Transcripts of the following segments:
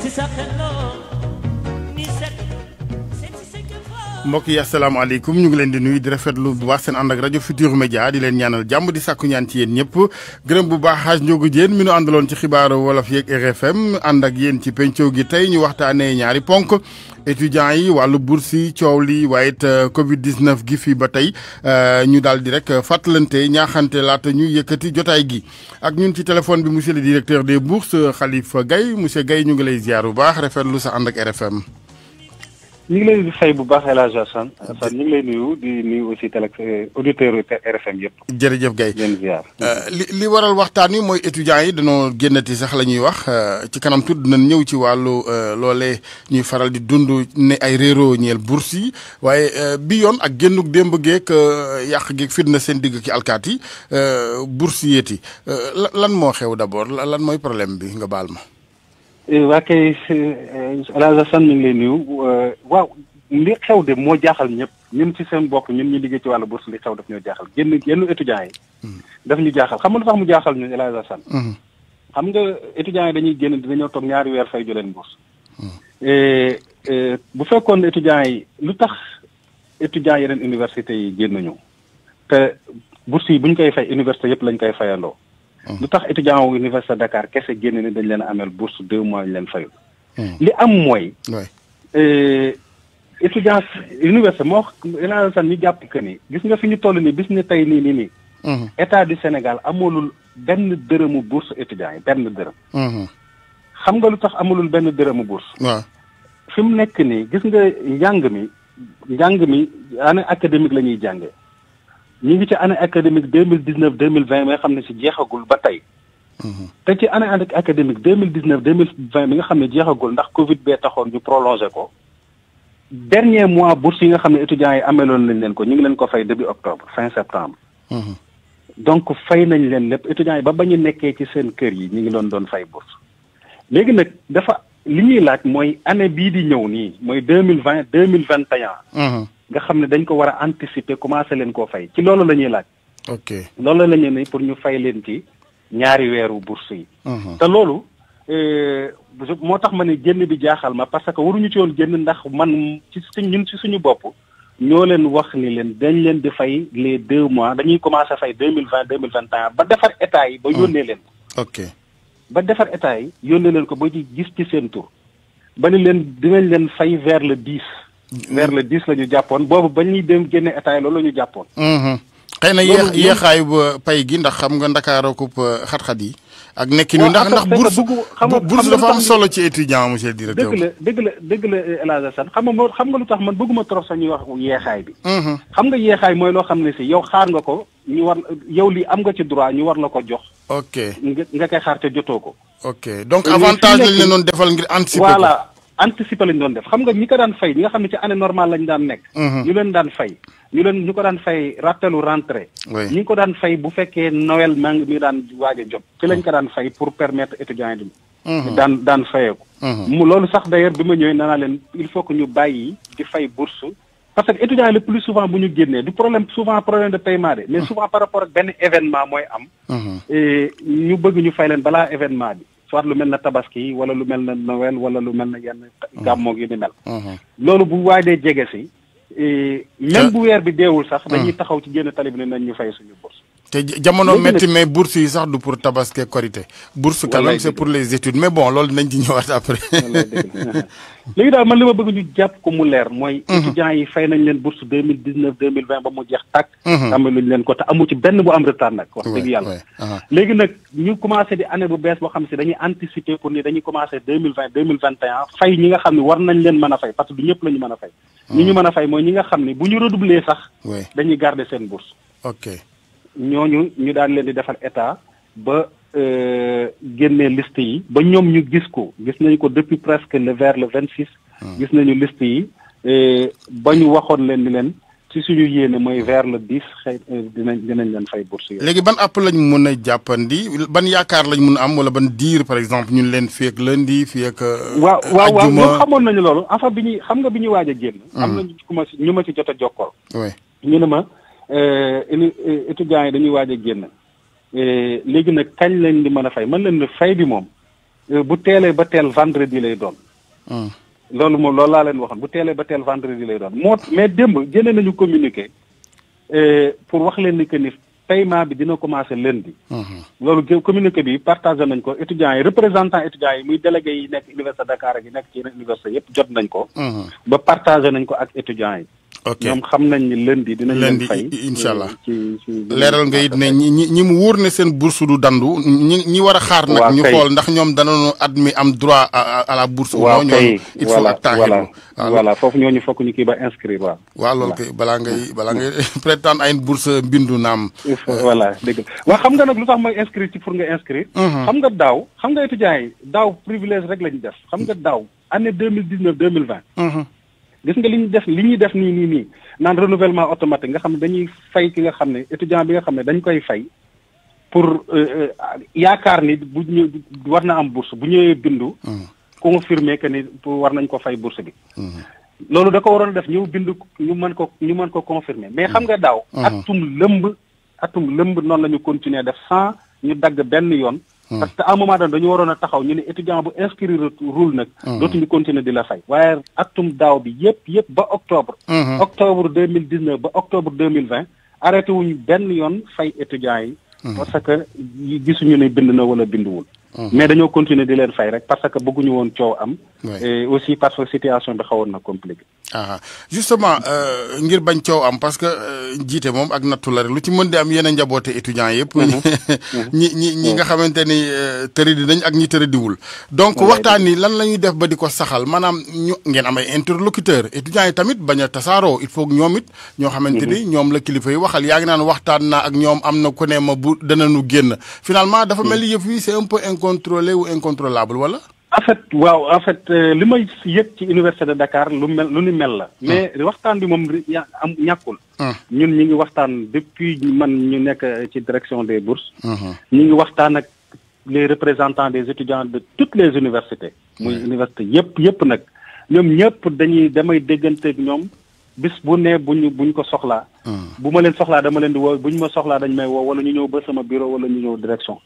sexy, al no. mbokk yi asalaamaaleykum ñu ngi leen di nuyu di rafetlu bu baax seen ànd ak rajo Futur Media di leen ñaanal jàmb di sàkku ñaan ci yéen ñëpp gërëm bu baax xaaj njogu jéen mi nu àndaloon ci xibaaru wolof yeeg RFM ànd ak yéen ci penco gi tey ñu waxtaanee ñaari ponk étudiants yi wàllu bourse yi coow li waaye it euh, Covid 19 gi fii ba tey euh, ñu daal di rek fàttalante ñaaxante laata ñu yëkkati jotaay gi ak ñun ci téléphone bi monsieur le directeur des bourses Khalifa Gaye monsieur gay ñu ngi lay ziar bu baax rafetlu sa ànd ak RFM. ñu ngi lay fay bu baax El Hadj Assane ah, Assane ñu ngi lay nuyu di nuyu aussi télé euh, auditeurs RFM yëpp. jërëjëf Gaye leen euh, li li waral waxtaan wi mooy étudiants yi dañoo génnati sax la ñuy wax euh, ci kanam tudd nañ ñëw ci wàllu loole ñuy faral di dund ne ay réero ñeel bourse yi waaye bi yoon ak génnug démb geeg yàq geeg fitna seen digg ci alkaat yi bourse yeeti lan moo xew d'abord lan mooy problème bi nga baal ma. Eh, waa kay eh, eh, El Hadj Assane mi ngi lay nuyu waaw li xew de moo jaaxal ñëpp ñun ci seen bopp ñun ñu liggéey ci wàllu bourse li xew daf ñoo jaaxal génn génn étudiants yi. Hmm. daf ñu jaaxal xam nga lu mu jaaxal ñu El Hadj Assane. Hmm. xam nga étudiants yi dañuy génn dinañoo toog ñaari weer fay ju leen bourse. Hmm. bu fekkoon étudiants yi lu tax étudiants yeneen université yi génn ñu te bourse yi bu ñu koy fay université yëpp lañ koy fayandoo. Mm. lu tax étudiant wu université Dakar kese génn ni dañ leen a ameel bourse deux mois leen fayul. Mm. li am mooy. Euh, étudiant université moo xam san ñu jàpp que ni gis nga fi ñu toll nii bis ni tey nii nii nii. Mm-hmm. état du Sénégal amulul benn dërëmu bourse étudiant yi benn dërëm. Mm-hmm. xam nga lu tax amulul benn dërëmu bourse. waaw mu nekk nii gis nga njàng mi njàng mi année académique la ñuy jàngee. ñi ngi ci année académique 2019 2020 dix nga xam ne si jeexagul ba tey. te ci année académique 2019 2020 dix nga xam ne jeexagul ndax Covid bee taxoon ñu prolongé ko. dernier mois bourse yi nga xam ne étudiants yi ameloon nañ leen ko ñu ngi leen ko fay début octobre fin septembre. donc fay nañ leen lépp étudiants yi ba bañu ñu nekkee ci seen kër yi ñi ngi doon doon fay bourse léegi nag dafa li ñuy laaj mooy année bii di ñëw nii mooy 2020 2021. nga xam ne dañ ko war a anticiper commencé leen koo fay ci loolu la ñuy laaj. ok loolu la ñuy ne pour ñu fay leen ci ñaari weeru bourse yi. Mhm. te loolu euh, moo tax ma ne génn bi jaaxal ma parce que waruñu ci woon génn ndax man ci suñ ñun ci suñu bopp. ñoo leen wax ni leen dañ leen di fay les deux mois dañuy commencé fay deux mille vingt deux mille vingt un ba defar état yi. ba mhm. yónnee leen ko. ok ba defar état yi yónnee leen ko ba ci gis ci seen tur. ba ni leen dinañ leen fay vers le dix. vers le 10 la ñu jàppoon boobu ba ñuy dem génne état yi loolu la jàppoon. Mhm. xëy na yéex yéexaayu ba pay gi ndax xam nga Ndakaaro coupe euh, xat-xat yi. ak nekki ñu ndax ndax bourse bourse dafa am solo ci étudiant monsieur le directeur. dëgg la dëgg la dëgg la euh, El Hadj Assane xam nga moo xam nga lu tax man bëgguma trop sax yeexaay bi. Mhm. xam nga yeexaay mooy loo xam ne si yow xaar nga ko ñu war yow lii am nga ci droit ñu war la ko jox. ok nga nga koy xaar te jotoo ko. ok donc avantage lañ leen doon defal ngir anticiper ko voilà. anticiper lañ doon def xam nga ñi ko daan fay ñi nga xam ne ci année normale lañ daan nekk. Mhm. ñu leen daan fay ñu leen ñu ko daan fay rattelu rentrée. ñi ko daan fay bu fekkee Noël maa ngi daan waaj a jot. ci lañ ko daan fay pour permettre étudiants yi mhm. daan daan fayeeku. Mhm. mu loolu sax d'ailleurs bi ma ñëwee nee naa leen il faut que ñu bàyyi di fay bourse parce que étudiants yi le plus souvent bu ñu génnee du problème souvent problème de paiement de mais souvent par rapport ak ñu fay leen balaa événement bi. soit lu mel na tabaski wala lu mel na Noël wala lu mel na yenn mhm. gàmmoog yu ni mel mhm. loolu bu waay dee jege si eh, même bu weer bi deewul sax mhm. dañuy taxaw ci génn tali bi ne nañ ñu fay suñu bourse te jamono metti mais bourse yi sax du pour tabaski korité bourse quand même c'est pour les études mais bon loolu nañ di ñëwaat après légui da man li ma bëgg ñu japp ko mu leer moy mhm. étudiant yi fay nañ leen bourse 2019 2020 ba mu jeex tak am luñ leen ko ta amu ci benn bu am retard nak wax dëgg yalla légui nak ñu commencé di année bu bees boo xam si dañuy anticiper pour ni dañuy commencé 2020 2021 fay ñi nga xam ni war nañ leen mëna fay parce que du ñëpp lañu mëna fay ñi mhm. ñu mëna fay moy ñi nga xam ni bu ñu redoubler sax dañuy garder seen bourse ok ñoo ñu ñu daan leen di defal état ba euh, génnee liste yi ba ñoom ñu gis ko gis nañu ko depuis presque le vers le vingt six ah. gis nañu liste yi euh, ba ñu waxoon leen ni leen ci suñu yéene mooy vers le dix xëy euh, dinañ dinañ leen fay bourse léegi ban app lañ mën a jàppandi ban yaakaar lañ mun a am wala ban diir par exemple ñun leen fii ak lundi fii ak. waaw waaw waaw ñoom xamoon nañu loolu en bi ñuy xam nga bi ñu waaj génn. am na ñu ma ñu ma si jot a jokkool. Euh, euh, étudiants yi dañuy waaj génn euh, léegi nag kañ lañ di mën a fay man leen ne fay bi moom bu teelee ba teel vendredi lay doon. Hmm. loolu moom loolu laa leen waxoon bu teelee ba teel vendredi lay doon moo mais démb génne nañu communiqué pour wax leen ni que ni paiement bi dina commencé leen lundi. Hmm. loolu communiqué bi partagé nañ ko étudiants yi représentant étudiants yi muy délégué yi nekk université Dakar yi nekk ci université yëpp jot nañ ko. Hmm. ba partagé nañ ko ak étudiants yi. ok ñoom xam nañ ni lundi dinañ leen fay incha allah euh, ci ci leeral nga it ne ñi ñi ñi mu wóor ne seen bourse du dandu ñi ñi war a xaar nag ñu xool ndax ñoom danoon at mi am droit a la bourse waaw kay il faut ñoo ñu foofu ñooñu fokk ñu kii ba inscrire waaw waaw loolu kay balaa ngay balaa ngay prétendre ay bourse mbindu naam voilà dégg waaw xam nga nag lu tax may inscrire ci pour nga inscrire mhm. xam nga daaw xam nga étudiants yi daaw privilège rek la ñu def xam nga daaw année deux mille dix neuf deux mille vingt mhm. gis nga li ñu def li ñuy def nii nii nii naan renouvellement automatique nga xam ne dañuy fay ki nga xam ne étudiant bi nga xam ne dañ koy fay pour euh, euh, yaakaar ni bu war na am bourse bu ñëwee bindu. Hmm. confirmer que ni pour war nañ ko fay bourse bi. Hmm. loolu da ko waroon def ñëw bind ñu mën ko ñu mën ko confirmer mais xam hmm. nga daaw. atum lëmb atum lëmb noonu lañu ñu continuer def sans ñu dagg benn yoon. Hmm. parce que à un moment dañu waroon a taxaw ñu ne étudiant bu inscrire rule nag. Hmm. dootuñu continuer di la fay. waaye atum daaw bi yëpp yëpp ba octobre. Hmm. octobre deux mille dix neuf ba octobre deux mille vingt arrêté wuñu benn yoon fay étudiants yi. parce que gisuñu ne bind na wala wul Mhm. mais dañoo continuer di leen fay rek parce que bëgguñu woon coow am. et aussi parce que situation bi xawoon na compliqué. ah justement euh, ngir bañ coow am parce que euh, jiite moom ak nattu la rek lu ci mën di am yeneen njaboote étudiants yëpp. Mhm. Mhm. ñi ñi ñi nga xamante ni euh, tëradi nañ ak ñi tëradiwul. donc waxtaan yi lan la ñuy def ba di ko saxal maanaam ñu ngeen am ay interlocuteurs étudiants yi tamit bañ a tasaaroo il faut ñoom it. ñoo xamante ni ñoom la kilifa yi waxal yaa ngi naan waxtaan na ak ñoom am na ku ne ma bu dana nu génn. finalement incontrôlé ou incontrôlable voilà. en fait waaw en fait euh, li may yëg ci université de Dakar lu mel lu ni mel la. Ah. mais waxtaan bi moom am ñàkkul. Ah. ñun ñu ngi waxtaan depuis man ñu nekk ci direction des bourses. Ah. ñu ngi waxtaan ak les représentants des étudiants de toutes les universités. muy université y yëpp nag ñoom ñëpp dañuy damay dégganteeg ñoom. bis bu ne bu ñu ko soxlaa. bu ma leen soxlaa dama leen di woo bu ma soxlaa dañ may woo wala ñu ñëw ba sama bureau wala ñu ñëw direction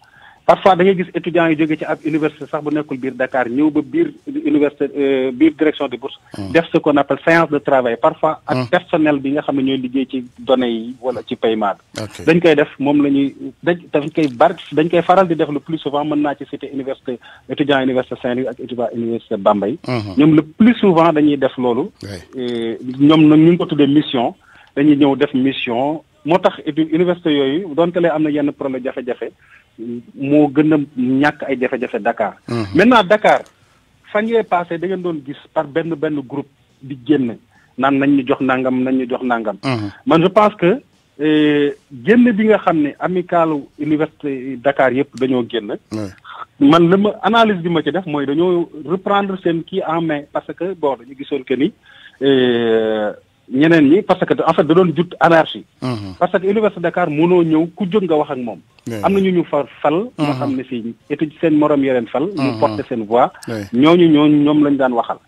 parfois da ngay gis étudiants yu jóge ci ab université sax bu nekkul biir Dakar ñëw ba biir université euh, biir direction de bourse hmm. def ce qu'on appelle séance de travail parfois ak hmm. personnel bi nga xam ne ñooy liggéey ci données yi wala ci paiement bi dañ koy def moom la ñuy dañ koy bari dañ koy faral di def le plus souvent mën naa ci cité université étudiant université Saint-Louis ak étudiant université Bambey hmm. ñoom le plus souvent dañuy def loolu ñoom nag ñu ngi ko tuddee mission dañuy ñëw def mission moo tax université yooyu donte lee am na yenn problème jafe-jafe moo gën a ñàkk ay jafe-jafe Dakar. Mhm. maintenant Dakar fan yee passé da ngeen doon gis par benn benn groupe di génn naan nañ ñu jox nangam nañ ñu jox nangam. Mhm. man je pense que euh, génn bi nga xam ne amicalu université dakaar yëpp dañoo génn. man la ma analyse bi ma ci def mooy dañoo reprendre seen kii en mais parce que bon dañu gisoon que ni. Euh, ñeneen ñi parce que en fait da doon jut anarchie mhm. parce que université Dakar mënoo ñëw ku jóg nga wax moom am na ñu ñu fa fal mhm. nga xam ne si étude seen moroom yeneen fal ñu mhm. porté seen voix ñooñu ñooñu ñoom lañu daan waxal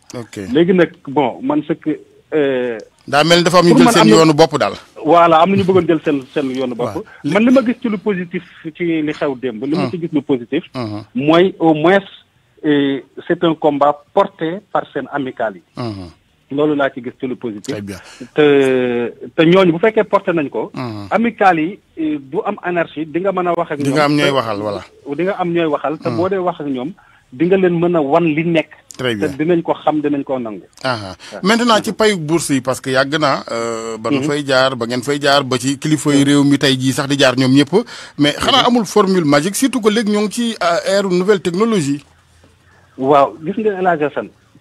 léegi nag bon man ce que euh, daa mel ni dafa am ñu jël seen yoonu bopp daal voilà am na ñu bëggoon jël seen seen yoonu bopp man li ma gis ci lu positif ci li xew démb li ma ci gis lu positif mooy au moins euh, c'est un combat porté par seen amicale yi loolu laa ci gis ci lu positif. très bien te te ñooñu bu fekkee porté nañ ko. ami mm-hmm. amical yi eh, du am anarchie di nga mën a wax ak. ñoom di nga am ñooy waxal voilà. di nga am ñooy waxal. te mm-hmm. boo dee wax ak ñoom di nga leen mën a wan li nekk. très te dinañ ko xam dinañ ko nangu. Uh-huh. maintenant ci payu bourse yi parce que yàgg naa. Euh, ba nu mm-hmm. fay jaar ba ngeen fay jaar ba ci kilifa yi réew mi tey jii sax di jaar ñoom ñëpp. mais xanaa amul formule magique surtout que léegi ñoo ngi ci euh, ère nouvelle technologie. waaw gis nga El Hadj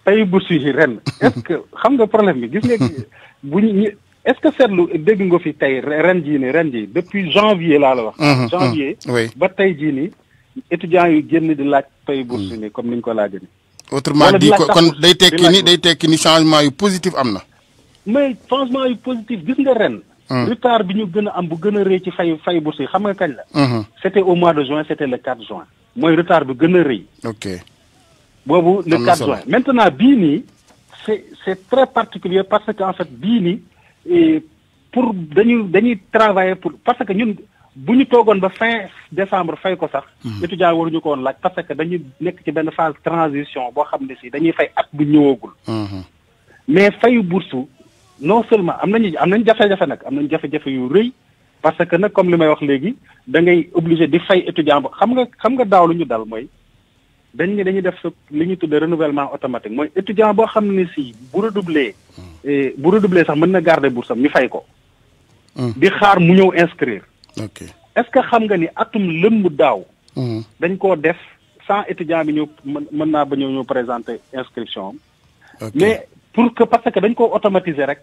tey bu suy ren est-ce que xam nga problème bi gis nga bu est-ce que setlu dégg nga fi tay ren jii ni ren jii depuis janvier la la wax. Mm-hmm, mm-hmm. janvier ba tay jii ni étudiants yu génn di laaj pay bourse mm. ni comme niñ ko laajee nii. autrement dit kon day tekki ni day tekki ni changement yu positif am na. mais changement yu positif gis nga ren. Mm. retard bi ñu gën a am bu gën a rëy ci fay fay bourse yi xam nga kañ la. Mm-hmm. c'était au mois de juin c'était le 4 juin. mooy retard bi gën a rëy. ok boobu le 4 juin maintenant bini c'est c'est très particulier parce que en fait bini et pour dañu dañuy travailler pour parce que ñun bu ñu toogoon ba fin décembre fay ko sax hmm. étudiants waruñu ko woon laaj parce que dañu nekk ci benn phase transition boo xam ne si dañuy fay at bu ñëwagul hmm. mais fayu bourse non seulement am nañu am nañ jafe-jafe nag am nañ jafe-jafe yu rëy parce que nag comme li may wax léegi da ngay obligé di fay étudiant ba xam nga xam nga daaw lu dal mooy dañ ne dañuy def li ñu tuddee renouvellement automatique mooy étudiant boo xam ne si bu redoublé. Hmm. Eh, bu redoublé sax mën na garde bourse am ñu fay ko. Hmm. di xaar mu ñëw inscrire. ok est-ce que xam nga ni atum lëmb daaw. Hmm. dañ koo def sans étudiant bi ñëw mën naa ba ñëw ñëw présenter inscription am. mais pour que parce que dañ koo automatiser rek.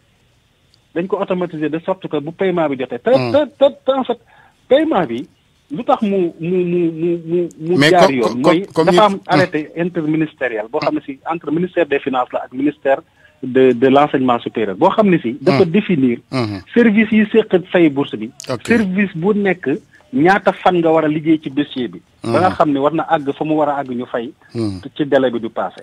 dañ ko automatiser de sorte que bu paiement bi jotee. te te te en fait paiement bi. lu tax mu mu mu mu mu mu jaar yoon mooy dafa am arrêté interministériel boo xam ne si entre ministère des finance la ak ministère de de l' enseignement supérieur boo xam ne si dafa définir service yi séq fay bourse bi service bu nekk ñaata fan nga war a liggéey ci dossier bi ba nga xam ne war na àgg fa mu war a àgg ñu fay ci délai bi du passé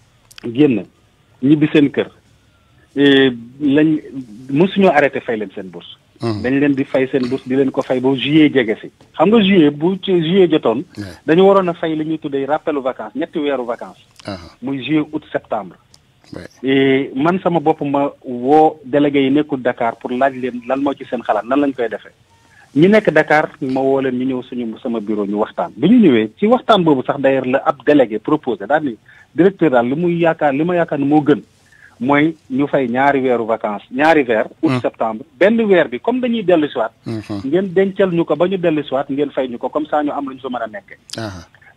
génn ñibbi seen kër lañ mësuñoo arrêté fay leen seen bourse dañ leen di fay seen bourse di leen ko fay ba juillet jege si xam nga juillet bu juillet jotoon dañu waroon a fay li ñuy tuddee rappelu vacances ñetti weeru vacances ah. muy juillet août septembre man sama bopp ma woo délégué yi nekkul Dakar pour laaj leen lan moo ci seen xalaat nan lañ koy defee ñu nekk Dakar ma woo leen ñu ñëw suñu sama bureau ñu waxtaan bi ñu ñëwee ci waxtaan boobu sax d'ailleurs la ab délégué proposé daal directeur daal li muy yaakaar li ma yaakaar ni moo gën mooy ñu fay ñaari weeru vacances ñaari weer mm. août septembre benn weer bi comme dañuy dellu siwaat mm-hmm. ngeen dencal ñu ko ba ñu dellu siwaat ngeen fay ñu ko comme ça ñu am lu ñu fa mën a nekkee ah.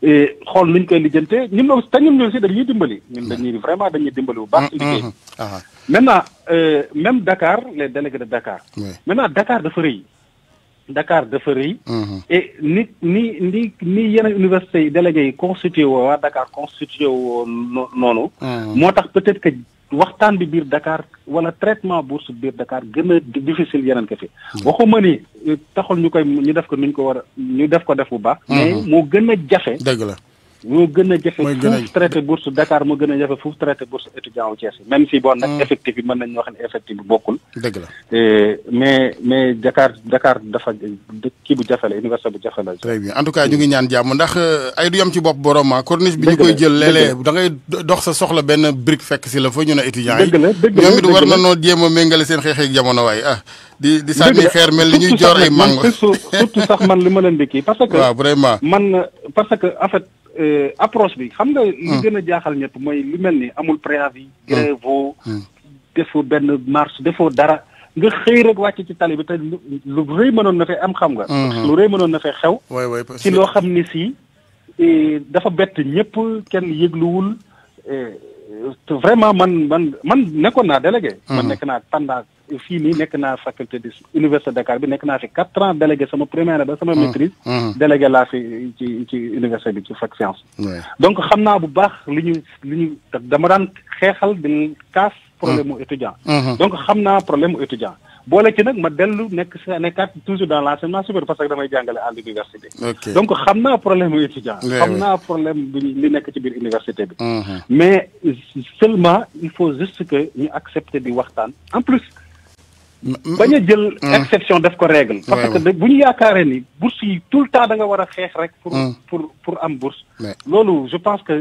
xool nuñ koy lijjantee ñun aussi te ñun aussi dañuy dimbali. ñun mm-hmm. dañuy vraiment dañuy dimbali bu baax. ci liggéey mm-hmm. uh-huh. maintenant euh, même Dakar les délégués de Dakar. maintenant Dakar dafa rëy. Dakar dafa rëy. Mm-hmm. et ni ni ni ni yeneen université yi délégués yi constitué wa Dakar constitué woo noonu. moo tax peut-être que. waxtaan bi biir dakaar wala traitement bourse biir dakaar gën a difficile yeneen ko fi waxuma ni eh, taxul ñu koy ñu def ko nuñ ko war a ñu def ko def bu baax mm-hmm. moo gën a jafe dëgg la ñoo gën a jafe fuuf traité bourse Dakar moo gën a jafe fuuf traité bourse étudiant wu Thiès même si bon nag mm. effectif yi mën nañ wax ne effectif bi bokkul. dëgg la mais mais Dakar Dakar dafa kii bu jafe la université bu jafe la. très bien en tout cas ñu ngi ñaan jàmm ndax euh, ay du yam ci bopp borom ah corniche bi ñu koy jël léeg-léeg da ngay dox sa soxla benn brique fekk si la fa ñu ne étudiant yi. dëgg la dëgg la ñoom it war na noo jéem a méngale seen xeexeeg jamono waay ah. di di sànni xeer mel ni ñuy joor ay mango surtout sax man li ma leen di kii parce que. waaw vraiment man parce que en fait Euh, approche bi xam nga. li ah. gën a jaaxal ñëpp mooy lu mel ni amul préavis. Ah. grève ah. defoo benn marche defoo dara nga xëy rek wàcc ci tali bi te lu rëy mënoon na fee am xam nga. lu rëy mënoon na fee xew. ci loo xam ni si eh, dafa bett ñëpp kenn yëgluwul eh, vraiment man man man nekkoon naa délégué. man nekk naa pendant fii nii nekk naa faculté de université Dakar bi nekk quatre ans délégué sama première ba sama hum, maîtrise hum. délégué laa fi ci ci université bi ci science donc xam bu baax li ñu dama daan problème hum. étudiant donc xam problème étudiant ci ma toujours dans l'enseignement super parce que à l'université donc problème étudiant problème mais seulement il faut juste que nous accepter di waxtaan en plus Mm-hmm. bañ jël mm-hmm. exception def ko règle parce que bu ñu yaakaaree ni bourse yi tout le temps da nga war a xeex rek pour mm. pour pour am bourse loolu je pense que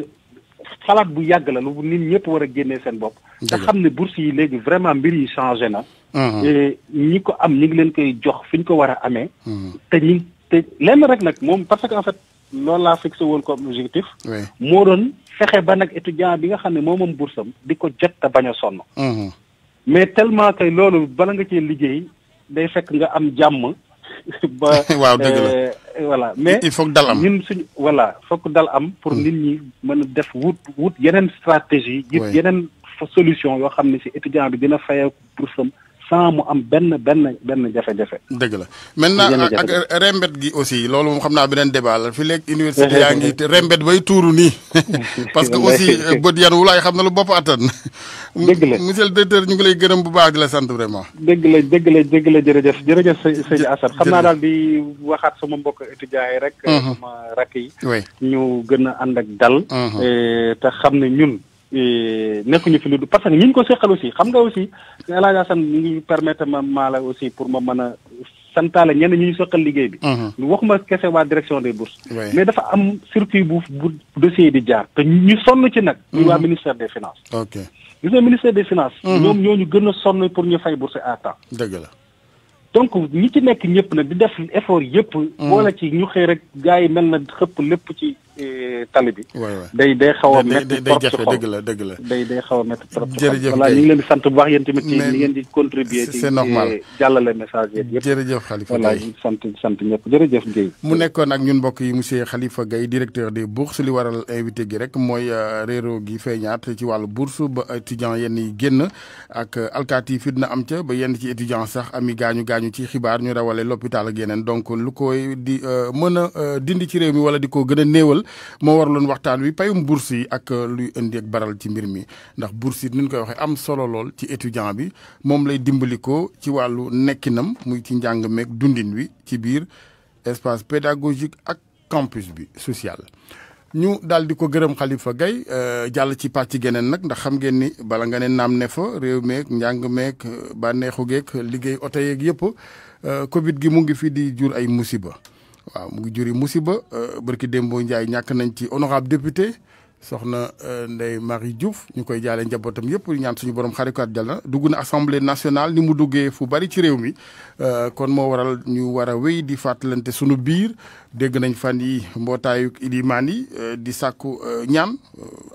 xalaat bu yàgg la lu nit ñëpp war a génnee seen bopp te xam ne bourse yi léegi vraiment mbir yi changé na mm-hmm. ñi ko am ñi ngi leen koy jox fi ñu ko war a amee te ñi te lenn rek nag moom parce que en fait loolu laa fixé woon comme objectif moo doon fexe ba nag étudiant bi nga xam ne moom bourse am di ko jot te bañ a sonn mais tellement que loolu bala nga cee liggéey day fekk nga am jàmm. ba waaw dëgg la euh, voilà mais il faut dal am ñun suñu wala fook dal am. pour hmm. nit ñi mën a def wut wut yeneen stratégie. gis yeneen solution yoo xam ne si étudiant bi dina fayal pour sam sans mu am benn benn benn jafe-jafe. dëgg la maintenant ak rembet gi aussi loolu xam naa beneen débat la fi léegi université yaa ngi rembet bay tuuru nii. parce que aussi bët wu wulaay xam na lu bopp attan. dëgg la monsieur le directeur ñu ngi lay gërëm bu baax di la sant vraiment. dëgg la dëgg la dëgg la jërëjëf jërëjëf sëñ Assane xam naa daal bi waxaat sama mbokk étudiants yi rek. Mhm. sama rakk yi. ñu gën a ànd ak dal. Mhm. te xam ne ñun. Eh, nekkuñu fi lu parce que ñi ñu ko seqal aussi xam nga aussi El Hadj Assane mu a ñu seqal liggéey bi. Mhm. waxuma kese waa direction des bourses. mais dafa am circuit bu dossier di jaar te ñu sonn ci nag. ñu waa mhm. ministère des finances. ok gis nga ministère des finances. Mhm. ñoom ñoo ñu gën a sonn pour ñu fay bourse à dëgg la. donc ñi ci nekk ñëpp nag di def effort yëpp. boole ci ñu xëy rek gars mel na xëpp lépp ci. tali bi. day day xaw a métti trop ci xol dëgg la dëgg la. day day xaw a jërëjëf voilà ñu sant bu baax yéen tamit ci li ngeen di contribuer. c'est normal ci jàllale message yëpp. jërëjëf Khalifa Gaye ñu sant sant ñëpp jërëjëf mu nekkoon ak ñun mbokk yi monsieur Khalifa gay directeur des bourses li waral invité gi rek mooy euh, réero gi feeñaat ci wàllu bourse ba étudiant yenn yi génn ak euh, alkaati fitna am ca ba yenn ci étudiant sax ami gaañu gaañu ci xibaar ñu rawale l'hôpital a yeneen donc lu koy di euh, mën a dindi ci réew mi wala di ko gën a néewal moo war waraloon waxtaan wi payum bourse yi ak euh, luy indi ak baral ci mbir mi ndax bourse yi niñ koy waxee am solo lool ci étudiant bi moom lay dimbali ko ci wàllu nekkinam muy ci njàng meeg dundin wi ci biir espace pédagogique ak campus bi social. ñu daal di ko gërëm Khalifa Gaye euh, jàll ci pàcc geneen nag ndax xam ngeen ni bala nga ne naam ne fa réew meeg njàng meeg bànneexu geeg liggéey oto yeeg yëpp euh, Covid gi mu ngi fi di jur ay musiba. waaw mu ngi juri musiba euh, barki Dembo Ndiaye ñàkk nañ ci honorable député soxna euh, Ndeye Marie Diouf ñu koy jaale njabootam yëpp ñaan suñu borom xarikaat jàlla dugg na assemblée nationale ni mu duggee fu bari ci réew mi euh, kon moo waral ñu war a wéy di fàttalante suñu biir dégg nañ fan yi mbootaayu ilimaan yi di sàkku ñaan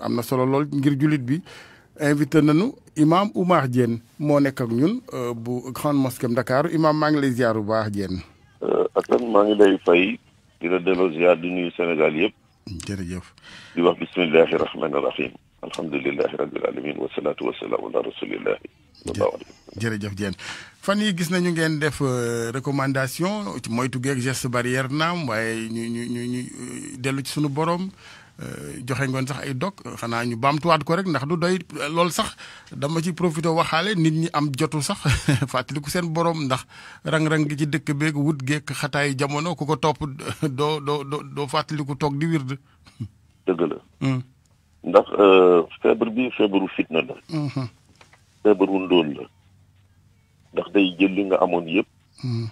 am na solo lool ngir julit bi invité nañu imam Oumar Diène moo nekk ak ñun bu grande mosquée Dakar imam maa ngi lay ziar bu baax Diène Euh, Assane maa ngi lay fay di la delloo ziar di nuyu Sénégal yëpp. jërëjëf. di wax bismillahi rahmaani rahim alamin wasalaatu wasalaamu ala rasulillahi jërëjëf Diène fan yi gis nañu ngeen def euh, recommandation moytu geeg geste barrière naam waaye ñu ñu ñu ñu euh, dellu ci suñu borom Euh, joxe ngoon sax ay dog xanaa ñu baamtuwaat ko rek ndax du doy loolu sax dama ci profité waxaale nit ñi am jotu sax fàttaliku seen borom ndax rang-rang gi ci dëkk beeg wut geeg xataayu jamono ku ko topp doo doo doo doo fàttaliku toog di wird. dëgg la. Mm. Euh, feebar bi feebaru fitna la. Mm-hmm. feebaru ndóol la. ndax day jël li nga amoon yëpp. Mm.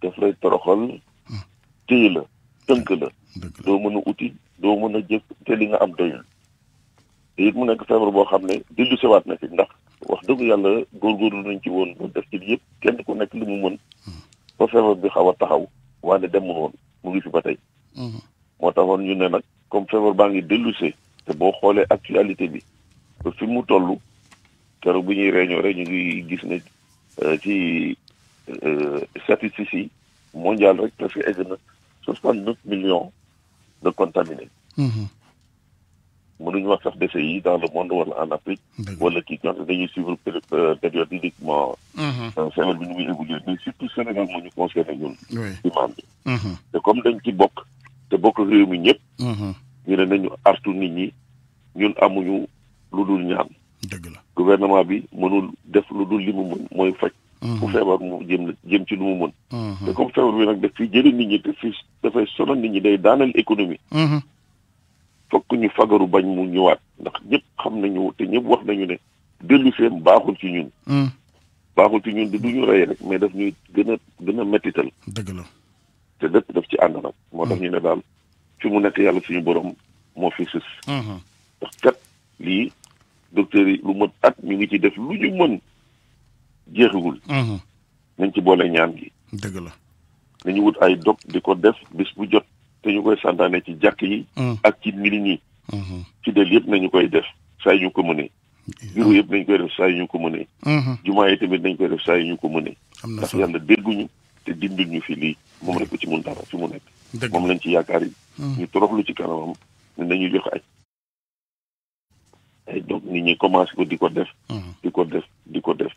daf lay toroxal. Mm. tënk la. doo mën a uti doo mën a jëkk te li nga am doyul te it mu nekk feebar boo xam ne dellu siwaat na fi ndax wax dëggu yàlla góorgóorlu nañ ci woon ba def ci yëpp kenn ku nekk li mu mën ba feebar bi xaw a taxaw waane demul woon mu ngi ba tey mhm. moo tax taxoon ñu ne nag comme feebar baa ngi dellusee te boo xoolee actualité bi ba fi mu toll keroog bu ñuy réunion rek ñu ngi gis ne euh, ci euh, statistiques yi mondial rek presque egg na soixante neuf millions de contaminer. Mm-hmm. mënuñu wax sax décès yi dans le monde wala en Afrique. wala kii quand dañuy suivre euh, période uniquement. feebar mm-hmm. bi ñu muy évoluer mais surtout Sénégal moo ñu concerné ñun. imaam bi. Mm-hmm. te comme dañ ci bokk te bokk réew mi ñëpp. ñu ne nañu artu nit ñi ñun amuñu lu dul ñaan. dëgg la bi mënul def lu dul li mu mooy faj. ku mm-hmm. feebar mu jëm jëm ci lu mu mën. Mm-hmm. te comme feebar bi nag daf fiy jëlee nit ñi te fi dafay sonal nit ñi day daanal économie. Mm-hmm. fokk ñu fagaru bañ mu ñëwaat ndax ñëpp xam nañu te ñëpp wax nañu ne dellu seem baaxul ci ñun. baaxul ci ñun du ñu rey rek mais daf ñuy gën a gën a mettital. dëgg la te lépp def ci ànd nag. moo tax ñu ne daal fi mu nekk yàlla suñu borom moo fi sus. ndax kat lii docteur yi lu mot at ñu ngi ci def lu ñu mën. jeexagul. Mhm. nañ ci boole ñaan gi. dëgg la nañu wut ay dog di ko def bis bu jot te ñu koy santaane ci jàkk yi. Mhm. ak ci nit ñi. Mhm. fidèle yëpp nañu koy def saa yu ñu ko mënee. bureau yëpp nañ koy def ñu ko mënee. jumaa yi tamit nañ koy def saa yu ñu ko mënee. ndax yàlla dégguñu te dindul ñu fi lii moom rek ci mun dara fi mu nekk. moom lañ ci yaakaar yi. ñu toroxlu ci kanamam nañu jox ay. ay dog ni ñu commencé ko di ko def. di ko def di ko def.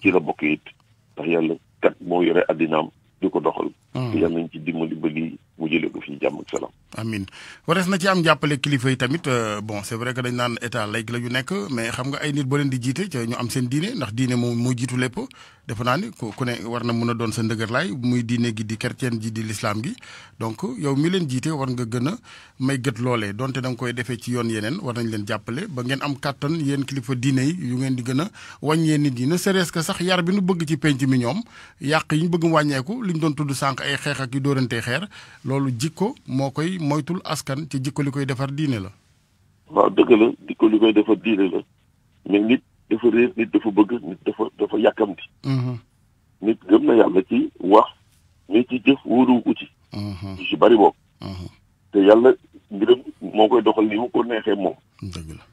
ci la bokk it ndax yàlla kat moo yore addinaam di ko doxal. Mm. ya nañ ci dimbali ba lii bu jëlee ko fii jàmm ak salaam. warees na ci am jàppale kilifa yi tamit euh, bon c'est vrai que dañ naan état laïc la ñu nekk mais xam nga ay nit boo leen di jiite ca ñu am seen diine ndax diine moom moo jiitu lépp defe naa ni ku ne war na mën a doon sa ndëgër laay muy diine gi di chrétien ji di l'islam gi. donc yow mi leen jiite war nga gën a may gët loolee donte da koy defee ci yoon yeneen war nañ leen jàppale ba ngeen am kàttan yéen kilifa diine yi di gën a wàññee nit yi ne serait sax yar bi nu bëgg ci penc mi ñoom yàq yi ñu bëgg wàññeeku li ñu doon tudd sànq ay xeex ak yu dóorante xeer loolu jikko moo koy moytul askan ci jikko li koy defar diine la. waaw dëgg la jikko li koy defar diine la mais nit dafa réer nit dafa bëgg nit dafa dafa yàkkamti. Mhm. nit gëm na yàlla ci wax mais ci jëf wóoru ko ci. si mhm. bari boobu. Mhm. te yàlla mbiram moo koy doxal ni ko neexee moom. dëgg la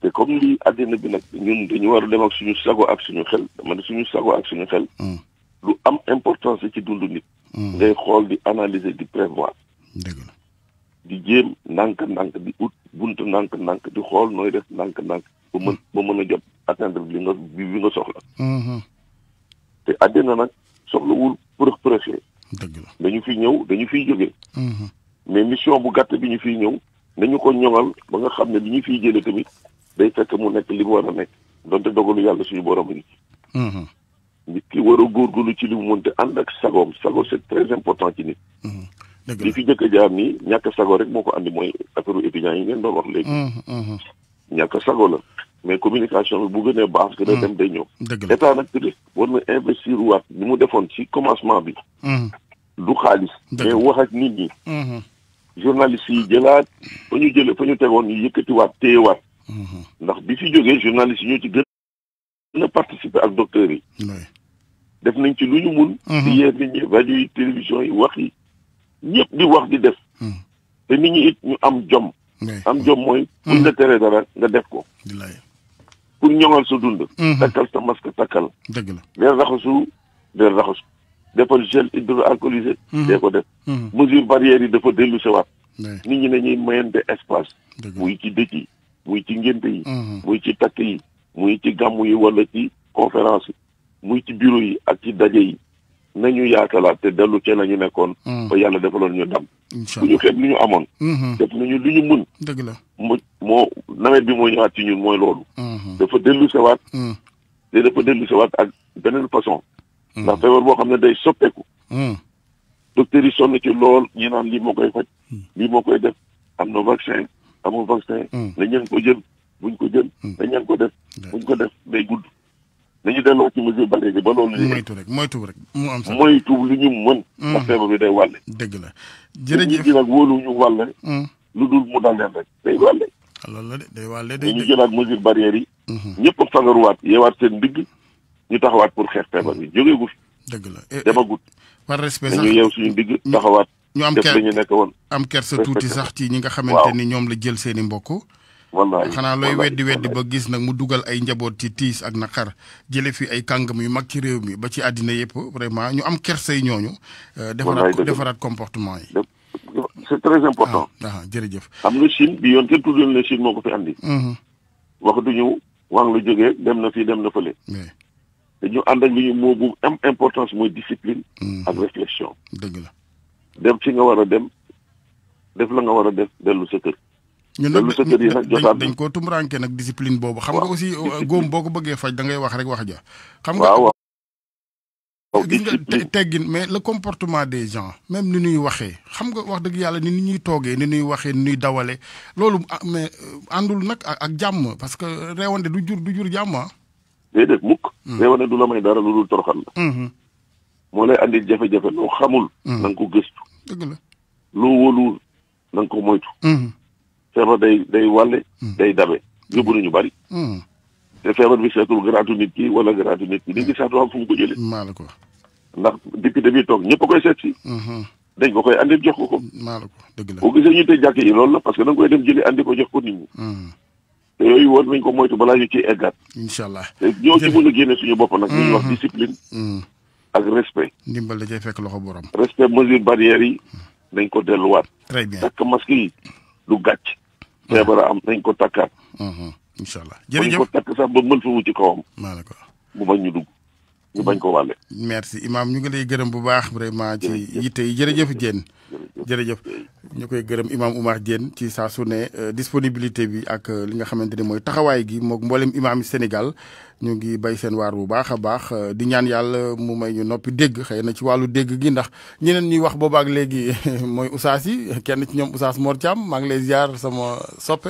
te comme lii àddina bi nag ñun dañu war a dem ak suñu sago ak suñu xel dama ne suñu sago ak suñu xel. lu am importance ci dundu nit. Mm. ngay xool di analyser di prévoir. dëgg la di jéem ndànk-ndànk di ut bunt ndànk-ndànk di xool nooy def ndànk-ndànk ba mën ba mën a jot atteindre bi nga bi nga soxla. Mm-hmm. te àddina nag soxlawul pour pressé. dëgg dañu fi ñëw dañu fiy jóge. Mm-hmm. mais mission bu gàtt bi ñu fi ñëw nañu ko ñoŋal ba nga xam ne bi fi fiy jëlee tamit day fekk mu nekk li mu war a nekk donte dogalu yàlla suñu borom a ngi nit ki war a góorgóorlu ci li mu mënti ànd ak sagoom sago c'est très important ci nit. Mhm. li fi njëkk a jaar nii ñàkk sago rek moo ko andi mooy affaire étudiants yi ngeen doon wax léegi. Mhm, mhm. ñàkk sago la mais communication bi bu gënee baax. gën a dem day ñëw. état nag peut war na investir waat ni mu defoon ci commencement bi. du xaalis. mais wax ak nit ñi. journalistes yi jëlaat fa ñu jëlee fa ñu tegoon ñu yëkkatiwaat téyewaat. ndax bi fi jógee journalistes yi ñoo ci gën a participer ak docteur yi. def nañ ci lu ñu mun. Mhm. di yee nit ñi rajo yi télévision yi wax yi ñëpp di wax di def. Mhm. te nit ñi it ñu am jom. am jom mooy. buñ mhm. la teree dara nga def ko. pour ñoŋal sa dund. takkal sa masque takkal. dëgg la weer raxasu weer raxasu. defal gel hydroalcoolisé. dee ko def. mesure barrière yi dafa dellu si waat. nit ñi dañuy mayante espace. muy ci dëkk yi muy ci ngénte yi. muy ci takk yi muy ci gàmm yi wala ci conférence yi. muy ci bureau yi ak ci daje yi nañu yaatalaat te dellu cee la ñu nekkoon. Mm. ba yàlla defaloon ñu ndam. incha allah bu ñu xeeb lu ñu amoon. Mm-hmm. def nañu ñu mun. mu moo nawet bi moo ñëwaat ci ñun mooy loolu. Mm-hmm. dafa dellu sewaat. Mm. te dafa dellu sewaat ak beneen façon. Mm. ndax feebar boo xam ne day soppeeku. docteur yi sonn ci lool ñi naan lii moo koy faj. lii moo koy def am na vaccin amul vaccin. nañ leen ko jël buñ ko jël. nañ leen ko def buñ ko def day gudd. nañu delloo ci mesure ba léegi ba loolu. li moytu rek moytu rek mu am sax moytu lu ñu mën. ndax mm. feebar bi day walle dëgg la jërëjëf nag wóolu ñu wàlle. Mm. lu dul mu dal leen rek day wàlle. Ah, loolu la de day wàlle day ñu jëlaat mesure barrière yi. Mm-hmm. ñëpp a fagaruwaat yeewaat seen ndigg ñu taxawaat pour xeex feebar bi mm. jógee gu fi. dëgg la eh, eh, demagut. par respect sax nañu yeew suñu ndigg taxawaat. ñu am ker def nekk woon. am ker sa tuuti sax ci ñi nga xamante ni ñoom la jël seeni i mbokk wallaay xanaa looy weddi weddi ba gis nag mu dugal ay njaboot ci tiis ak naqar jële fi ay kàngam yu mag ci réew mi ba ci àddina yëpp vraiment ñu am kersay ñooñu. Euh, defaraat defaraat comportement yi. c'est très important. ah, ah jërëjëf. am na Chine bi yoon kenn tuddul ne Chine moo ko fi andi. Mhm. waxatuñu wang lu jógee dem na fii dem na fële. dañu ànd ak lu ñu moo bu am importance mooy discipline. Mhm. ak réflexion. dëgg la dem ci nga war a dem def la nga war a def dellu sa kër. ñun nag dañ koo tumuraanke nag discipline boobu xam nga aussi euh, góom boo ko bëggee faj da ngay wax rek wax ja xam nga gis oh, nga teggin mais le comportement des gens même ni ñuy waxee xam nga wax dëgg yàlla ni ni ñuy toogee ni ñuy waxee ni ñuy dawale loolu ah, mais euh, àndul nag ak jàmm parce que reewande du jur du jur jàmm ah déedéet hmm. du la may dara lu dul toroxal la hmm. moo lay andi jafe-jafe loo xamul hmm. na nga ko gëstu dëgg la loo ko moytu feebar day day wàlle hmm. day dabe yóbbu nañu bari hmm. te feebar bi seetul garaatu nit ki wala garaatu nit ki hmm. nit ki saatu am fu mu ko jëlee maa la ko ndax député bi toog ñëpp koy seet si dañ ko koy andi jox ko ko maa ko dëgg la boo gisee ñu tey jàkk yi loolu parce que da nga koy dem jëli ko jox ko nit ñi te yooyu war nañ ko moytu balaa ñu ciy eggaat incha allah te ñoo ci mën a génne suñu bopp nag ñuy wax discipline ak respect ndimbal da fekk loxo borom respect mesure barrières yi nañ ko delluwaat très bien takk masque yi du gàcc feebar a am nañ ko takkaat. Mhm. incha allah jërëjëf nañ ko takk sax ba mën fa wu ci kawam. bu bañ ñu dugg. ñu bañ ko merci imam ñu ngi lay gërëm bu baax vraiment ci yitte yi jërëjëf Diène jërëjëf ñu gërëm imam Oumar Jen ci saa su euh, disponibilité bi ak euh, li nga xamante ne mooy gi imam Sénégal ñu ngi bay seen waar bu baax a baax euh, di ñaan yàlla mu may ñu noppi dégg xëy na ci wàllu dégg gi ndax ñeneen wax kenn ci Mor Thiam ngi lay ziar sama soppe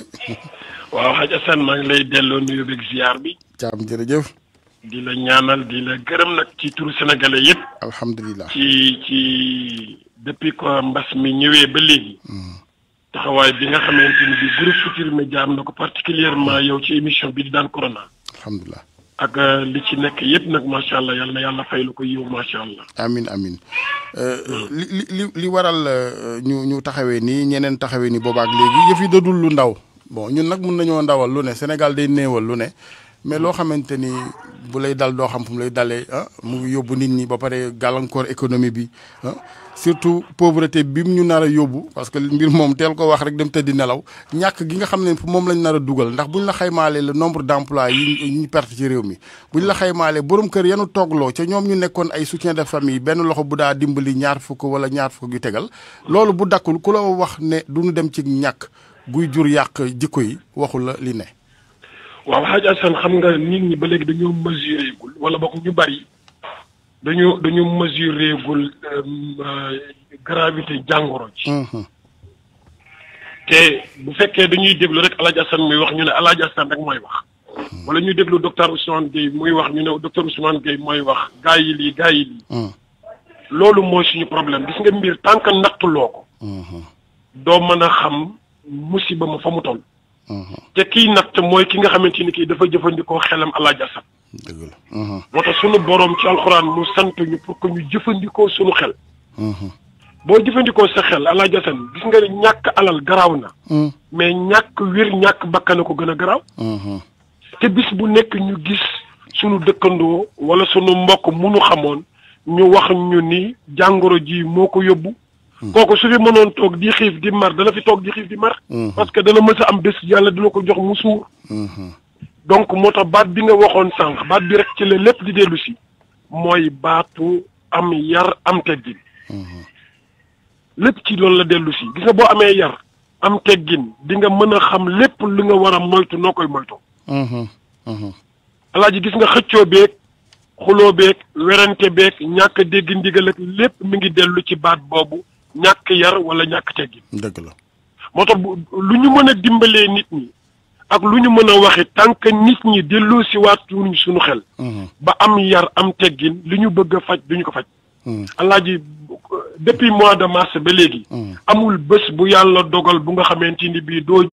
waaw xaj Assane maa ngi lay delloo nuyu ziar bi cham jërëjëf di ñaanal di la gërëm nag ci turu sénégalais yëpp. alhamdulilah ci ci depuis ko mbas mi ñëwee ba léegi. Mm. taxawaay bi nga xamee ni bi groupe Futurs Médias am na ko particulièrement mm. yow ci émission bi di daan corona. alhamdulilah ak euh, li ci nekk yëpp nag macha allah yal na yàlla fay lu ko yiw macha allah. amin amin euh, mm. li li li waral euh, ñu ñu taxawee nii ñeneen taxawee ni boobaak léegi yëf dadul lu ndaw bon ñun nag mun nañoo ndawal lu ne Sénégal day néewal lu ne. mais loo xamante ni bu lay dal doo xam fu mu lay dalee ah mu ngi yóbbu nit ñi ba pare gàllankoor économie bi ah surtout pauvreté bi mu ñu nar a yóbbu parce que mbir moom teel ko wax rek dem tëddi nelaw ñàkk gi nga xam ne moom lañ nar a dugal ndax buñ la xaymaale la nombre d'emplois yi ñu perte ci réew mi buñ la xaymaalee borom kër yanu toogloo ca ñoom ñu nekkoon ay soutien de famille benn loxo bu daa dimbali ñaar fukk wala ñaar fukk yu tegal loolu bu dakkul ku la wax ne duñu dem ci ñàkk guy jur yàq jikko yi waxul la li ne waaw xaaj xam nga nit ñi ba léegi dañoo mesuré gul wala boog ñu bari dañu dañoo mesuré gul euh, euh, gravité jàngoro ji. Mm-hmm. te bu fekkee dañuy déglu rek El Hadj Assane muy wax ñu ne El rek mooy wax. Mm-hmm. wala ñu déglu docteur Ousmane Gueye muy wax ñu ne docteur Ousmane Gueye mooy wax gaa yi lii gaa yi mm-hmm. loolu mooy suñu problème gis nga mbir tànk ndaxtuloo ko. doo mën a xam musiba ma fa mu toll. te kiy natt mooy ki nga xamante ni kii dafa jëfandikoo xelam allah jasa. dëgg mhm. sunu borom ci alxuraan mu sant pour que ñu jëfandikoo sunu xel. Mhm. boo jëfandikoo sa xel allah jasan nga ñàkk alal garaaw na. Mhm. mais ñàkk wér ñàkk bakkan ko gën a garaaw. te bis bu nekk ñu gis sunu dëkkandoo wala sunu mbokk munu xamoon ñu wax ñu ni jàngoro ji moo ko yóbbu. kooku su fi mënoon toog di xiif di mar dana fi toog di xiif di mar. Mhm. parce que dana mës a am bés yàlla dina ko jox mu suur. Mhm. donc moo tax baat bi nga waxoon sànq baat bi rek ci la lépp di dellusi mooy baatu am yar am teggin. Mhm. lépp ci loolu la dellu si gis nga boo amee yar am teggin di nga mën a xam lépp li nga war a moytu noo koy moytu. alaaji gis nga xëccoo beeg xuloo beeg werante beeg ñàkk a dégg ndigal ak lépp mu ngi dellu ci baat boobu. ñàkk yar wala ñàkk teggin. dëgg la moo tax lu ñu mën a dimbalee nit ñi ak lu ñu mën a waxi tànk nit ñi delloo si waat tuuruñ suñu xel. Mhm. ba am yar am teggin li ñu bëgg a faj du ñu ko faj. Mhm. alaaji depuis mois de mars ba léegi. Mhm. amul bés bu yàlla dogal bu nga xamante ni bii doo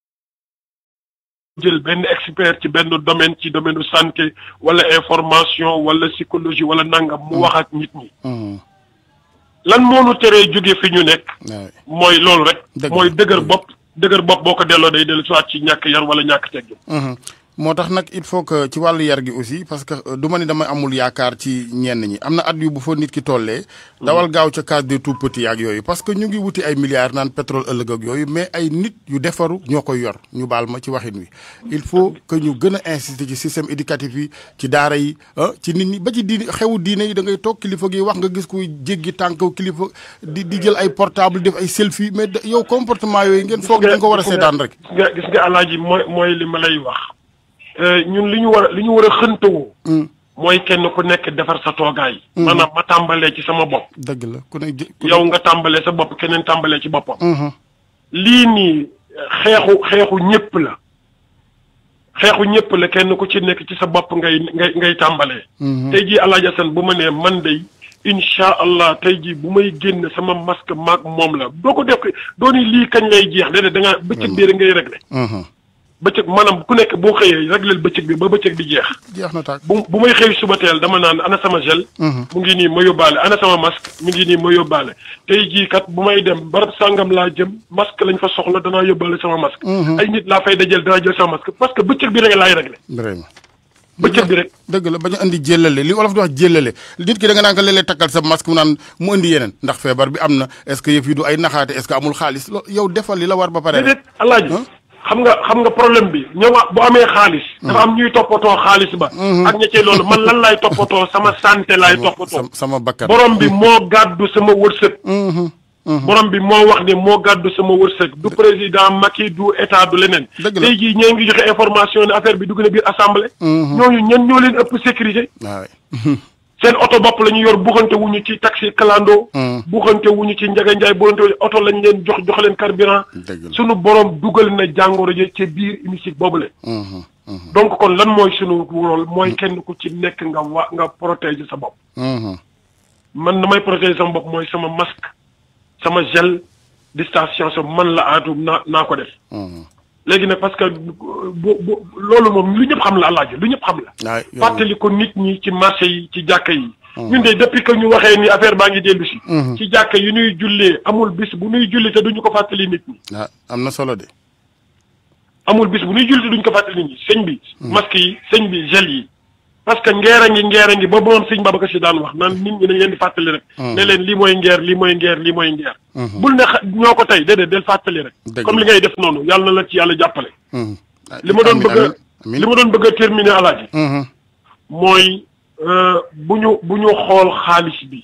jël benn expert ci benn domaine ci domaine santé wala information wala psychologie wala nangam mu wax ak nit ñi. lan moomu nu teree jóge fi ñu nekk. mooy loolu rek. mooy dëgër mm. bopp dëgër bopp boo ko delloo day dellu si waat ci ñàkk yar wala ñàkk teg teggin. Mm-hmm. moo tax nag il faut que ci wàllu yar gi aussi parce que euh, du ma ni dama amul yaakaar ci ñenn ñi am na at yu bu fa nit ki tollee. Mm. dawal gaaw ca case des tout petits ak yooyu parce que ñu ngi wuti ay milliards naan pétrole ëllëg ak yooyu mais ay nit yu defaru ñoo koy yor ñu baal ma ci waxin wi. il faut que ñu gën a insister ci système éducatif yi ci daara yi ah, ci nit ñi ba ci di xewu diine yi da ngay toog kilifa gi wax nga gis kuy jéggi tànk kilifa di di jël ay portable def ay selfie mais yow comportement yooyu ngeen foog. ngeen ko war a seetaan rek. gis nga gis mooy li ma lay wax. Euh, ñun li ñu war a li ñu war a xëntawoo mm. mooy kenn ku nekk defar sa toogaay. Mm. maanaam ma tàmbalee ci sama bopp. dëgg la ku ne yow nga tàmbalee sa bopp keneen tàmbalee ci boppam. Mm-hmm. lii nii xeexu xeexu ñëpp la. xeexu ñëpp la kenn ku ci nekk ci sa bopp ngay ngay ngay tàmbalee. Mm-hmm. tey jii El Hadj Assane bu ma nee man de incha allah tey jii bu may génn sama masque maag moom la boo ko def doo ni lii kañ lay jeex déedéet da ngaa bëccëg mm-hmm. biir ngay rek réglé. bëcëk manam ku nekk boo xëyee lël bëcëk bi ba bëcëk bi jeex. jeex na tak bu may xëy suba teel dama naan ana sama gel. mu ngi ni ma yobale ana sama masque mu ngi ni ma yobale tay ji kat bu may dem barab sàngam la jëm masque lañ fa soxla dana yobale sama masque. ay nit la fay dajël dana jël sama masque parce que bëcëk bi rek lay réglé. vraiment. bëccëg bi rek dëgg la bañu andi jëlale li wolof di wax jëlale nit ki da nga naan lélé takal sa masque mu naan mu andi yenen ndax febar bi amna est-ce que yëf yi du ay naxaate est-ce que amul xaaliss yow defal li la war ba pare. déedéet alaaji xam nga xam nga problème bi a bu amee xaalis. Mm. dafa am ñuy toppatoo xaalis ba. Mm-hmm. ak ña cee loolu man lan laay toppatoo sama santé laay mm-hmm. toppatoo. sama bakkan borom bi moo gàddu sama wërsëg. Mm-hmm. borom bi moo wax ne moo gàddu sama wërsëg. du président Macky du état du leneen. dëgg la jii ñee ngi joxe information ne affaire bi dugg na biir assemblée. ñooñu ñan ñoo leen ëpp sécurité. Ah seen oto bopp la ñu yor buxante wuñu ci taxi clando. wu ñu ci njaga njaay buxante wuñu oto lañ leen jox jox leen carburant. sunu boroom dugal na jàngoro ji ci biir hémicycle boobule. Hmm, hmm, hmm. donc kon lan mooy sunu rôle mooy kenn ku ci nekk nga waa nga protéger sa bopp. man damay protéger sama bopp mooy sama masque sama gel distanciation man la aatum naa naa ko def. léegi nag parce que bu bu loolu moom lu ñëpp xam la alaaji lu ñëpp xam la. Ah, fàttali ko nit ñi ci marché yi ci jàkka yi. Hmm. ñun de depuis que ñu waxee ni affaire baa ngi dellu si. Hmm. ci jàkk yi ñuy jullee amul bis bu ñuy julli te duñu ko fàttali nit ñi. Ah, am na solo de. amul bis bu ñuy julli te duñu ko fàttali nit ñi sëñ bi. Hmm. masque yi sëñ bi gel yi. parce que ngeer a ngi ngeer a ngi ba moom sëñ Babacar Si daan wax naan nit ñi dañ leen fàttali rek hmm. ne leen lii mooy ngeer lii mooy ngeer lii mooy ngeer hmm. bul ne ñoo ko tey déedéet del fàttali rek comme li ngay def noonu yàlla na la ci yàlla jàppale hmm. li ma doon bëgg li ma doon bëgg a terminer alaaji mooy euh, bu ñu bu ñu xool xaalis bi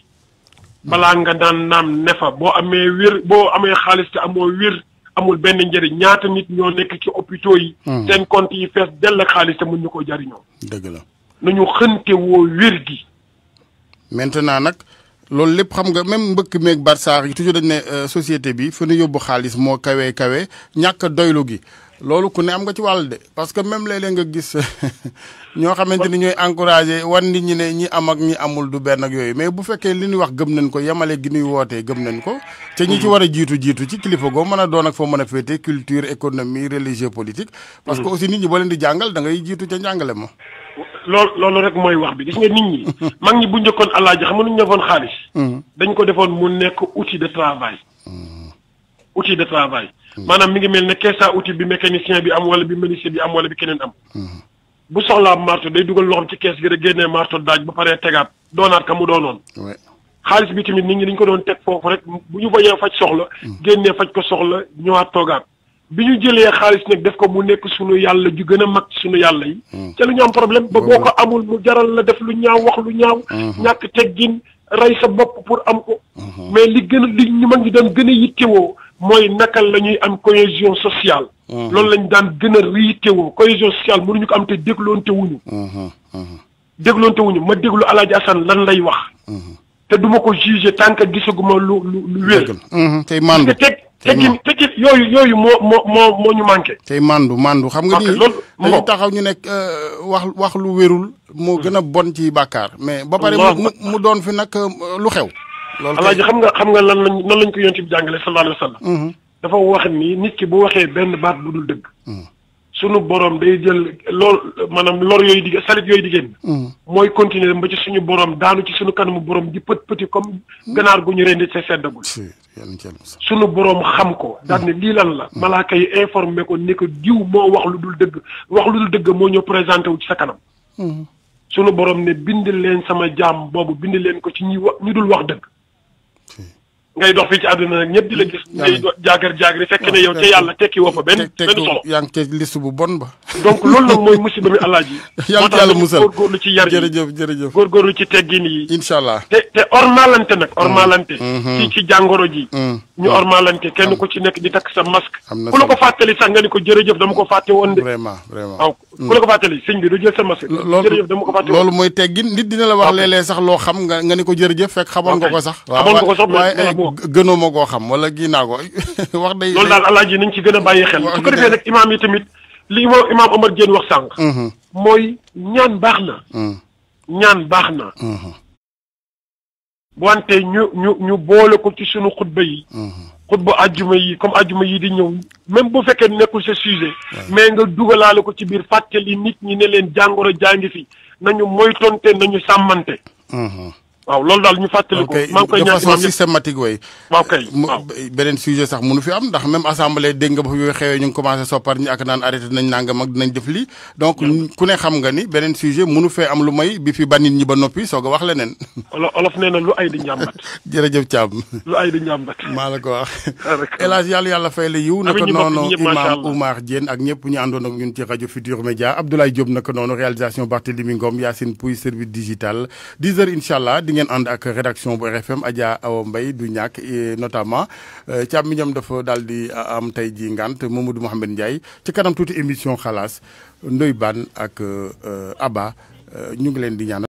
balaa nga daan naam nefa boo amee wér boo amee xaalis te amoo wér amul benn njëriñ ñaata nit ñoo nekk ci hôpitaux yi seen compte yi fees dell ak xaalis te mun ñu ko jariñoo dëgg la nañu xënte woo wér gi. maintenant nag loolu lépp xam nga même mbëkk meeg barsaax yi toujours dañ ne euh, société bi fu nu yóbbu xaalis moo kawee kawe ñàkk doylu gi loolu ku ne am nga ci wàll de parce que même léeg nga gis ñoo xamante ni ñooy encouragé wan nit ñi ne ñi am ak ñi amul du benn ak yooyu mais bu fekkee li ñuy wax gëm nañ ko yemale gi ñuy wootee gëm nañ ko. te ñi ci mhm. war a jiitu jiitu ci kilifa goo mën a doon ak foo mën a féete culture économie religieux politique. parce mhm. que aussi nit ñi boo di jàngal da ngay jiitu ca njàngale ma. loolu loolu rek mooy wax bi gis nga nit ñi. mag ñi bu njëkkoon alaaji xam nga nu ñu defoon xaalis. Hmm. dañ ko defoon mu nekk outil de travail. Hmm. outil de travail. Hmm. maanaam mi ngi mel ne kees à outil bi mécanicien bi am wala bi menuisier bi am wala bi keneen am. bu soxlaa marto day dugal loxoom ci kees gi rek génnee marto daaj ba pare tegaat doonaat ka mu doonoon. xaalis bi tamit nit ñi dañ ko doon teg foofu rek bu ñu bañee faj soxla. génnee faj ko soxla ñëwaat toogaat. bi ñu jëlee xaalis nag def ko mu nekk suñu yàlla ju gën a mag suñu yàlla yi. Hmm. ca lu ñu am problème ba hmm. boo ko amul mu jaral la def lu ñaaw wax lu ñaaw. Hmm. ñàkk teggin rey sa bopp pour am ko. mais li gën a li ñu mag ñi daan gën a yittewoo mooy naka la ñuy am cohésion sociale. loolu lañu daan gën a yittewoo cohésion sociale ñu ko am te dégloonte wuñu. dégloonte wuñu ma déglu El Hadj Assane lan lay wax. te duma ko jugé tant que gisaguma lu lu lu wér. tey teggin teggin yooyu yooyu moo moo moo moo ñu manqué. tey mandu mandu xam nga ni dañu taxaw ñu nekk euh, wax wax lu wérul moo hmm. gën a bon ci bàkkaar mais ba pare mu mu doon fi nag euh, lu xew. loolu alaaji xam nga xam nga lan lañ nan lañ ko yonent bi jàngale sallallahu alayhi wa sallam. Hmm. dafa wax ni nit ki bu waxee benn baat bu dul dëgg. Hmm. suñu borom day jël lool maanaam lor yooyu di salit yooyu di génn. Mm. mooy continuer ba ci suñu boroom daanu ci suñu kanamu borom di pët pëti comme mm. ganaar gu ñu rendi sa seddagul. suñu borom xam ko mm. daan ne lii lan la. malaaka yi informé ko ne ko diw moo wax lu dul dëgg wax lu dul dëgg moo ñëw présenté wu ci sa kanam. suñu borom ne bind leen sama jaam boobu bind leen ko ci ñi wa ñu dul wax dëgg. ngay dox fii ci àdduna nag ñëpp di la gis. ngay jaagar jaagari ne yow ca yàlla tekki woo fa benn benn solo. yaa ngi ci bon ba. donc loolu mooy musiba mi alaaji. yàlla na yàlla musal moo tax góorgóorlu ci yar yi jërëjëf jërëjëf. góorgóorlu ci mm-hmm. Mm-hmm. Mm-hmm. ku ci nekk di takk sa masque. na ko fàttali sax ko jërëjëf dama ko fàtte woon de. vraiment vraiment waaw ko fàttali sëñ bi du jël sa masque. jërëjëf dama loolu mooy teggin nit dina la wax léeg sax loo xam nga nga ni ko jërëjëf fekk xamoon ko sax. xamoon gënoo ma koo xam wala gii naa ko wax day. loolu daal alaaji nañ ci gën a bàyyi xel. su ko defee nag imaam yi tamit li imaam Omar Diène wax sànq. Mm-hmm. mooy ñaan baax na. Mm-hmm. ñaan baax na. Mm-hmm. wante ñu ñu ñu boole ko ci sunu xutba yi. xutba ajjuma yi comme ajjuma yi di ñëw même bu fekkee nekkul sa sujet. mais nga dugalaale ko ci biir fàttali nit ñi ne leen jàngoro jàngi fi nañu moytonte nañu sàmmante. waaw loolu daal ñu fàttali ko. maa ngi koy ñaan de façon systématique way waaw beneen sujet sax mënu fi am ndax même assemblée dégg nga ba fi xewee ñu ngi commencé soppar ñi ak naan arrêté dinañ nangam ak dinañ def lii. donc ku ne xam nga ni beneen sujet mënu fee am lu may bi fi banit ñi ba noppi soog a wax leneen. olof nee na lu ay di njàmbat. jërëjëf Thiam. lu ay di njàmbat. maa la ko wax. El Hadj yàlla yàlla fay la yiw. naka noonu Imam Oumar Diène ak ñëpp ñu àndoon ak ñun ci rajo Futur Média Abdoulaye Diop naka noonu réalisation Barthélémy Ngom Yacine Pouy service digital 10 ngeen ànd ak rédaction bu RFM Adja Awa mbay du ñàkk notamment euh, Thiam mi ñoom dafa daal di am tey ji ngant du Mouhamed Ndiaye ci kanam tuuti émission xalaas Ndoye Bane ak euh, Abba euh, ñu ngi leen di ñaan